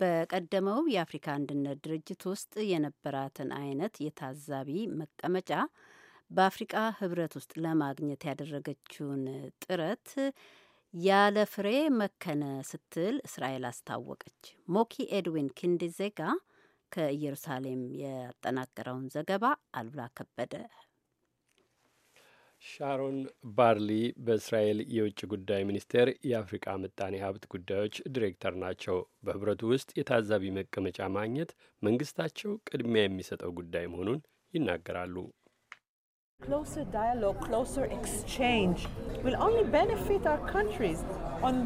በቀደመው የአፍሪካ አንድነት ድርጅት ውስጥ የነበራትን አይነት የታዛቢ መቀመጫ በአፍሪቃ ህብረት ውስጥ ለማግኘት ያደረገችውን ጥረት ያለ ፍሬ መከነ ስትል እስራኤል አስታወቀች። ሞኪ ኤድዊን ኪንዲዜጋ ከኢየሩሳሌም ያጠናቀረውን ዘገባ አሉላ ከበደ ሻሮን ባርሊ በእስራኤል የውጭ ጉዳይ ሚኒስቴር የአፍሪቃ ምጣኔ ሀብት ጉዳዮች ዲሬክተር ናቸው። በህብረቱ ውስጥ የታዛቢ መቀመጫ ማግኘት መንግስታቸው ቅድሚያ የሚሰጠው ጉዳይ መሆኑን ይናገራሉ። closer dialogue, closer exchange will only benefit our countries.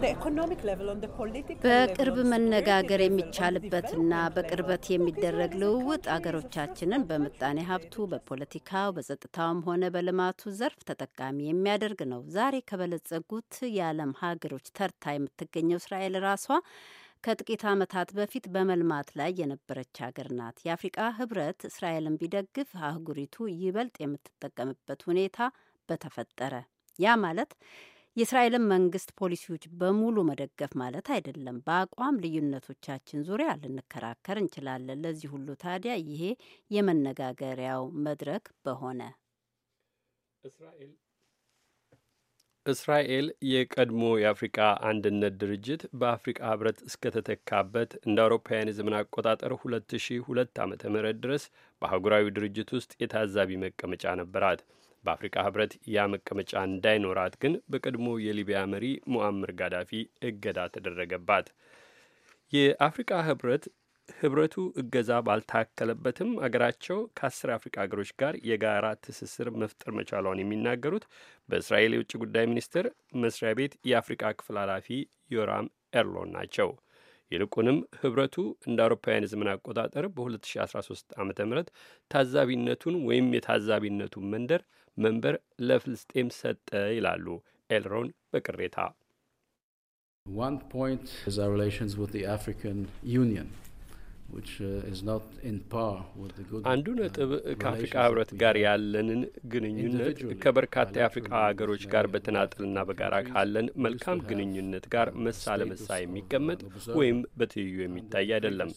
በቅርብ መነጋገር የሚቻልበትና በቅርበት የሚደረግ ልውውጥ አገሮቻችንን በምጣኔ ሀብቱ፣ በፖለቲካው፣ በጸጥታውም ሆነ በልማቱ ዘርፍ ተጠቃሚ የሚያደርግ ነው። ዛሬ ከበለጸጉት የዓለም ሀገሮች ተርታ የምትገኘው እስራኤል ራሷ ከጥቂት ዓመታት በፊት በመልማት ላይ የነበረች ሀገር ናት። የአፍሪቃ ህብረት እስራኤልን ቢደግፍ አህጉሪቱ ይበልጥ የምትጠቀምበት ሁኔታ በተፈጠረ ያ ማለት የእስራኤልን መንግስት ፖሊሲዎች በሙሉ መደገፍ ማለት አይደለም። በአቋም ልዩነቶቻችን ዙሪያ ልንከራከር እንችላለን። ለዚህ ሁሉ ታዲያ ይሄ የመነጋገሪያው መድረክ በሆነ እስራኤል የቀድሞ የአፍሪቃ አንድነት ድርጅት በአፍሪቃ ህብረት እስከተተካበት እንደ አውሮፓውያን የዘመን አቆጣጠር 2002 ዓ ም ድረስ በአህጉራዊ ድርጅት ውስጥ የታዛቢ መቀመጫ ነበራት። በአፍሪካ ህብረት ያ መቀመጫ እንዳይኖራት ግን በቀድሞ የሊቢያ መሪ ሙአምር ጋዳፊ እገዳ ተደረገባት። የአፍሪካ ህብረት ህብረቱ እገዛ ባልታከለበትም አገራቸው ከአስር አፍሪካ ሀገሮች ጋር የጋራ ትስስር መፍጠር መቻሏን የሚናገሩት በእስራኤል የውጭ ጉዳይ ሚኒስቴር መስሪያ ቤት የአፍሪካ ክፍል ኃላፊ ዮራም ኤርሎን ናቸው። ይልቁንም ህብረቱ እንደ አውሮፓውያን የዘመን አቆጣጠር በ2013 ዓ ም ታዛቢነቱን ወይም የታዛቢነቱን መንደር መንበር ለፍልስጤም ሰጠ ይላሉ ኤልሮን በቅሬታ One point is our relations with the African Union. Uh, አንዱ ነጥብ ከአፍሪቃ ህብረት ጋር ያለንን ግንኙነት ከበርካታ የአፍሪቃ ሀገሮች ጋር በተናጠልና በጋራ ካለን መልካም ግንኙነት ጋር መሳ ለመሳ uh, የሚቀመጥ ወይም በትይዩ የሚታይ አይደለም።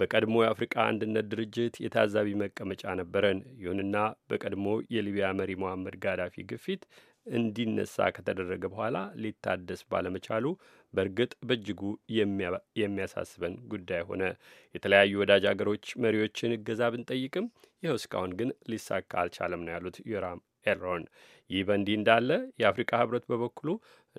በቀድሞ የአፍሪቃ አንድነት ድርጅት የታዛቢ መቀመጫ ነበረን። ይሁንና በቀድሞ የሊቢያ መሪ መሐመድ ጋዳፊ ግፊት እንዲነሳ ከተደረገ በኋላ ሊታደስ ባለመቻሉ በእርግጥ በእጅጉ የሚያሳስበን ጉዳይ ሆነ። የተለያዩ ወዳጅ አገሮች መሪዎችን እገዛ ብንጠይቅም ይኸው እስካሁን ግን ሊሳካ አልቻለም ነው ያሉት ዮራም ኤልሮን። ይህ በእንዲህ እንዳለ የአፍሪካ ህብረት በበኩሉ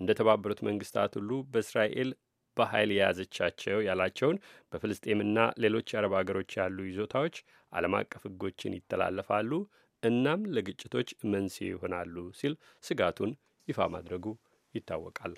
እንደ ተባበሩት መንግስታት ሁሉ በእስራኤል በኃይል የያዘቻቸው ያላቸውን በፍልስጤምና ሌሎች የአረብ አገሮች ያሉ ይዞታዎች ዓለም አቀፍ ህጎችን ይተላለፋሉ እናም ለግጭቶች መንስኤ ይሆናሉ ሲል ስጋቱን ይፋ ማድረጉ ይታወቃል።